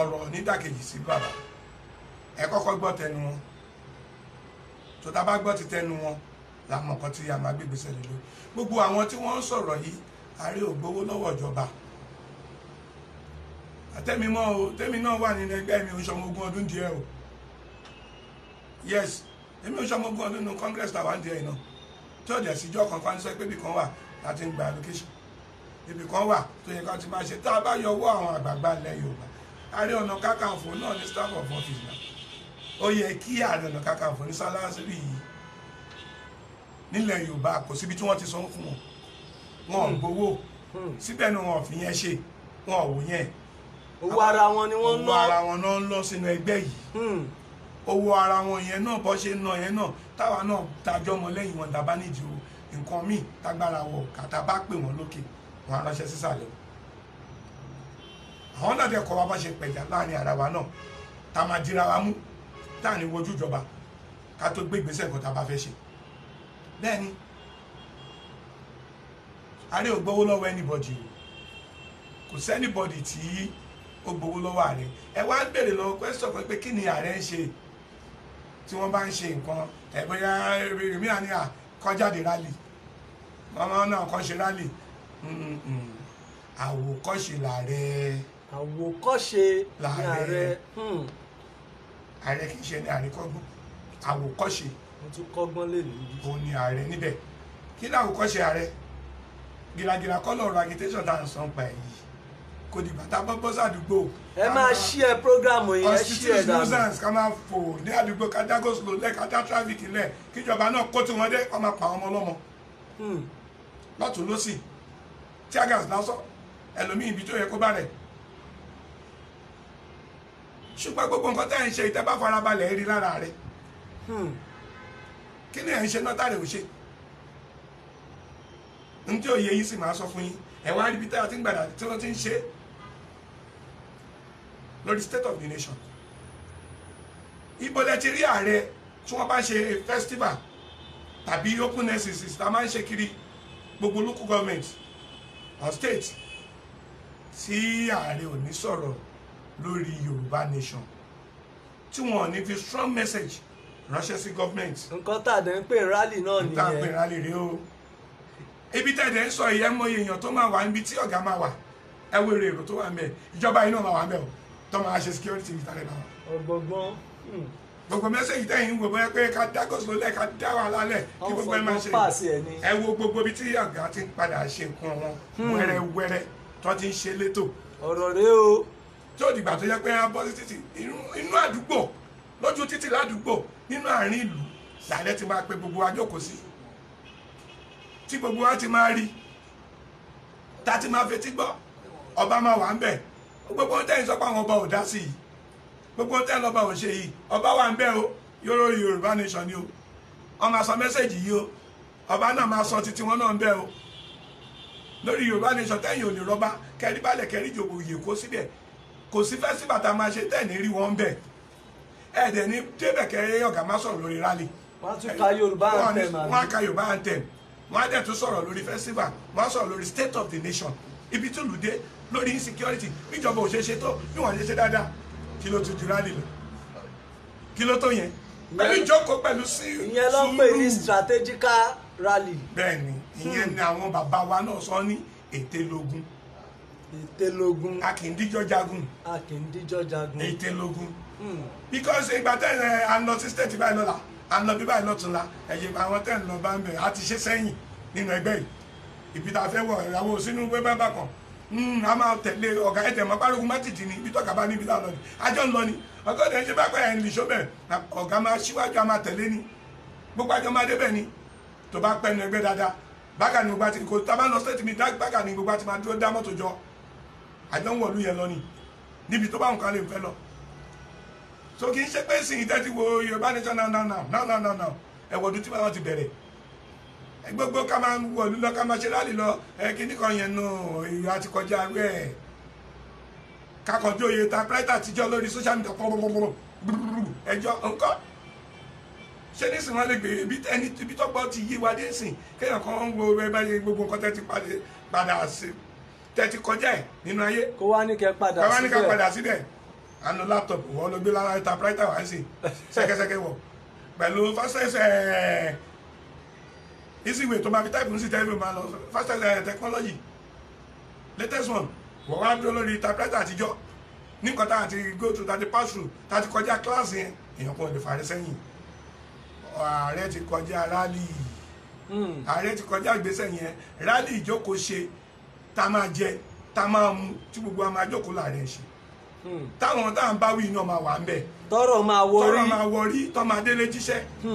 ọ̀rọ̀ nídàkejì sí bàbá ẹ kọ́kọ́ gbọ́ tẹnu wọn tó tá a bá gbọ́ ti tẹnu wọn làwọn nǹkan tí a máa gbégbé sẹ́lẹ̀ lórí gbogbo àwọn tí wọ́n ń sọ̀rọ̀ yìí ààrẹ ò gbowó lọ́wọ́ ìjọba àtẹ́mi mọ́ o tẹ́mi náà wà nínú ẹgbẹ́ mi oṣù ọmọ ogún ọdún díẹ̀ o yes èmi ò sọmọ gan nínú congress tàwa ń diẹ iná tí ò dẹ̀ síjọ́ kan kan sọ pé ibì kan wà láti ń gba allocation ibì kan wà tó yẹ ká ti máa ṣe tá a bá yọ owó àwọn àgbààgbà ilẹ̀ yorùbá àárẹ̀ ọ̀nà kákàǹfò náà ní staff of office náà ó yẹ kí àárẹ̀ ọ̀nà kákàǹfò ní sálásírì yìí nílẹ̀ yorùbá kò síbi tí wọ́n ti sanwó fún wọn wọn ò gbowó hmm. síbẹ̀ ni wọn ò fi yẹn ṣe wọn ò wò yẹn owó ara wọn ni wọ́n ń lọ sínú ẹgbẹ́ yìí hmm owó ara wọn yẹn náà bọ́ ṣe ń yẹn náà táwa náà tajọ́ mọ lẹ́yìn wọn tàbá nídìí o nǹkan míì tágbára wọ kàtà bá pè wọ́n lókè wọn aránṣẹ́ sísàlẹ̀ àwọn náà dẹ̀ kọ́ wa bá ṣe pẹ̀jà láàrin ara wa náà tá a máa dira wa mú tá à ní wojú ìjọba ká tó gbé ìgbésẹ̀ nǹkan tá a bá fẹ́ ṣe bẹ́ẹ̀ ni àárẹ̀ ò gbowó lọ́wọ́ anybody o kò sí tí ó gbowó lọ́wọ́ ààrẹ ẹ wá ń béèrè lọ́wọ́ question pé kí ni ààrẹ ń ṣe tí wọ́n bá ń ṣe nǹkan ẹ̀bọ̀yà rèmí àníyà kọjáde rálì ọmọ náà kọ́ ṣe rálì àwòkọ́ṣe làárẹ. àwòkọ́ṣe làárẹ. ààrẹ hmm. kì í ṣe ní àríkọ́gbọ́n àwòkọ́ṣe. mo tún kọ́gbọ́n lè ní. o ní ààrẹ níbẹ̀ kí ni àwòkọ́ṣe ààrẹ gìràgìrà kọ́ lọ́rọ̀ agitation tá à ń sọ pa èyí kò dìgbà tá a bọ́ bọ́ sàdúgbò. ẹ máa ṣí ẹ prógrámù yìí ẹ ṣí ẹ dànù. nuisance ká máa fò ní àdúgbò ká dá gòsòlò lẹ ká dá traffic lẹ kíjọba náà kó tiwọn dé wọn máa pa àwọn ọmọ ọlọ́mọ. Hmm. lọ́tún lọ́sì tíagas lásán ẹlòmíì ibi tó yẹ kó bá rẹ̀. ṣùgbọ́n gbogbo nǹkan tá à ń ṣe ìtẹ́ bá farabalẹ̀ rí lára rẹ̀. Hmm. kí ni ẹ̀ ń ṣe náà tá rẹ̀ ò ṣe. n tí ò yẹ yín sì máa sọ fún yín ẹ̀ wá ibi tí a ti ń gbàdá tí wọ́n ti ń ṣe é lórí state of the nation ìbọ̀lẹ̀ ti rí ààrẹ tí wọ́n bá ṣe festival tàbí open nurses la máa ń ṣe kiri gbogbo local government or state tí ààrẹ ò ní sọ̀rọ̀ lórí Yorùbá nation tí wọn ò ní fi strong message ránṣẹ́ sí government. nǹkan tàdé ń pè rally náà nìyẹn. nǹkan pè rally rèé o ibi tẹ̀dẹ̀ ń sọ ìyẹn mọ èèyàn tó máa wà níbi tí ọ̀gá máa wà ẹ wo èrò tó wà ń bẹ ìjọba yìí máa wà ń bẹ o tó máa ṣe security ìtàrí náà. ọgbọgbọn. Hmm. gbogbo mẹ́sẹ̀gì tẹ̀yìn ń wò bóyá pé ká dá gòsò lẹ̀ ká dá wà lálẹ̀ kí gbogbo ẹ máa ṣe ẹ wo gbogbo ibi tí àgbà ti ń padà ṣe nǹkan wọn hmm. wẹ́rẹ́wẹ́rẹ́ tó ti ń ṣe létò. ọ̀rọ̀ rẹ o. tó dìgbà tó yẹ pé a bọ́ sí títì inú àdúgbò lójú títì ládùúgbò nínú àárín ìlú lálẹ́ ti máa pe gbogbo wa jókòó sí tí gbogbo wa ti máa rí ta ti máa fetí gbọ́ ọba máa wà ń bẹ̀ gbogbo tẹ́ ń sọ pé àwọn ọba ò dá sí i gbogbo tẹ́ lọ́ba ò ṣe yìí ọba wà ń bẹ̀ o yóò lórí yorùbá nation ni o ọ máa sọ mẹ́sẹ̀gì yìí o ọba náà máa sọ títí wọn náà ń bẹ̀ o lórí yorùbá nation tẹ́yìn ò lè rọ́bá kẹrí balẹ̀ kẹrí ìjòkó yè kó síbẹ̀ kò sí fẹ́síbà tá a máa ṣe tẹ́ẹ̀ní rí wọn bẹ̀ ẹ̀ dẹ̀ ní débẹ̀ kẹrẹ́ ọ̀gá má sọ̀rọ̀ lórí rálì wọ́n á tún ka yorùbá anthem wọ́n á ka yorùbá anthem wọ́n á dẹ̀ tún sọ̀rọ̀ lórí festival wọ́n á sọ̀rọ̀ lórí state of the nation ibi tí olùdé lórí insecurity bíjọba ò ṣe ṣe tó bí ṣe ṣe dáadáa kí ló tún ju rally kí ló tó yẹn pẹ̀lú ìjókòó pẹ̀lú sùúrù. ìyẹn ló ń ní strategical rally. bẹ́ẹ̀ni ìyẹn ni àwọn bàbá wa náà sọ ní ètèlógún. ètèlógún. a kì í díjọ́ jagun. a kì í díjọ́ jagun. ètèlógún. Hmm. because ìgbà tẹ́ ẹ à ń lọ sí state báyìí lọ́la à lọ bí báyìí lọ́tún la ẹ̀yẹ àwọn tẹ́ ń lọ bá ń bẹ̀ á ṣe sẹ́yìn nínú ẹgbẹ́ yìí ìbí ta fẹ́ wọ̀ ìyàwó sínú pé bá kàn Hmm, a máa tẹ̀lé ọ̀gá ẹ̀tẹ̀ mọ́ pariwo má tìtì ní ibi tọ́ka bá níbi tá a lọ ni àjọ ń lọ ni ọgá ọ̀dẹ̀ ń ṣe bá pẹ́yà nìṣó bẹ̀ ọ̀gá máa ṣíwájú a máa tẹ̀lé ni gbogbo àjọ máa débẹ̀ ni tó bá pẹ́ nu ẹgbẹ́ dáadáa bága ni gbogbo àti kò tá a bá lọ state mi bága ni gbogbo àti máa dúró dá mọ́tò jọ àjọ ń wọ̀lú yẹn lọ ni níbi tó bá gbogbo ká máa ń wọ̀lú lọ ká máa ṣe láàlì lọ kíní kan yẹn nù ìyá àti kọjá rẹ̀ kakọ̀jú oyè typewriter àtijọ́ lórí social media pọ̀rọ̀pọ̀rọ̀ ẹjọ́ nǹkan ṣé nísìnyí wọn lè gbé ibi ẹni ibi tó gbọ́ ti yí wa dé sìn kéèyàn kan ń wo ẹ báyìí gbogbo nǹkan tẹ́ ti padà sí tẹ́ ti kọjá ẹ̀ nínú ayé kó wá ní kẹ́ padà síbẹ̀ kó wá ní kẹ́ padà síbẹ̀ àná láptọ̀pù wọ́n ló gbé lára typewriter wá sí sẹ́kẹ́sẹ́kẹ́ wọ̀ pẹ̀lú fásitì easyway way. máa fi táìpù sí tẹ́lifù máa lọ fastest eh, technology latest one wọ́n wá dúró lórí typewriter àtijọ́ ní nǹkan tá àti go through tá ti pass through tá ti kọjá kíláàsì yẹn èèyàn kan ò lè fàárẹ̀ sẹ́yìn ààrẹ ti kọjá rálì hmm. ààrẹ ti kọjá ìgbésẹ̀ yẹn rálì ìjókòó ṣe tá máa jẹ tá máa mu tí gbogbo a máa jókòó láàrẹ ṣe hmm. táwọn táwọn bá wí iná máa wà ń bẹ tọrọ máa wọrí tọrọ máa wọrí tọmọdélé jíṣẹ́. Hmm.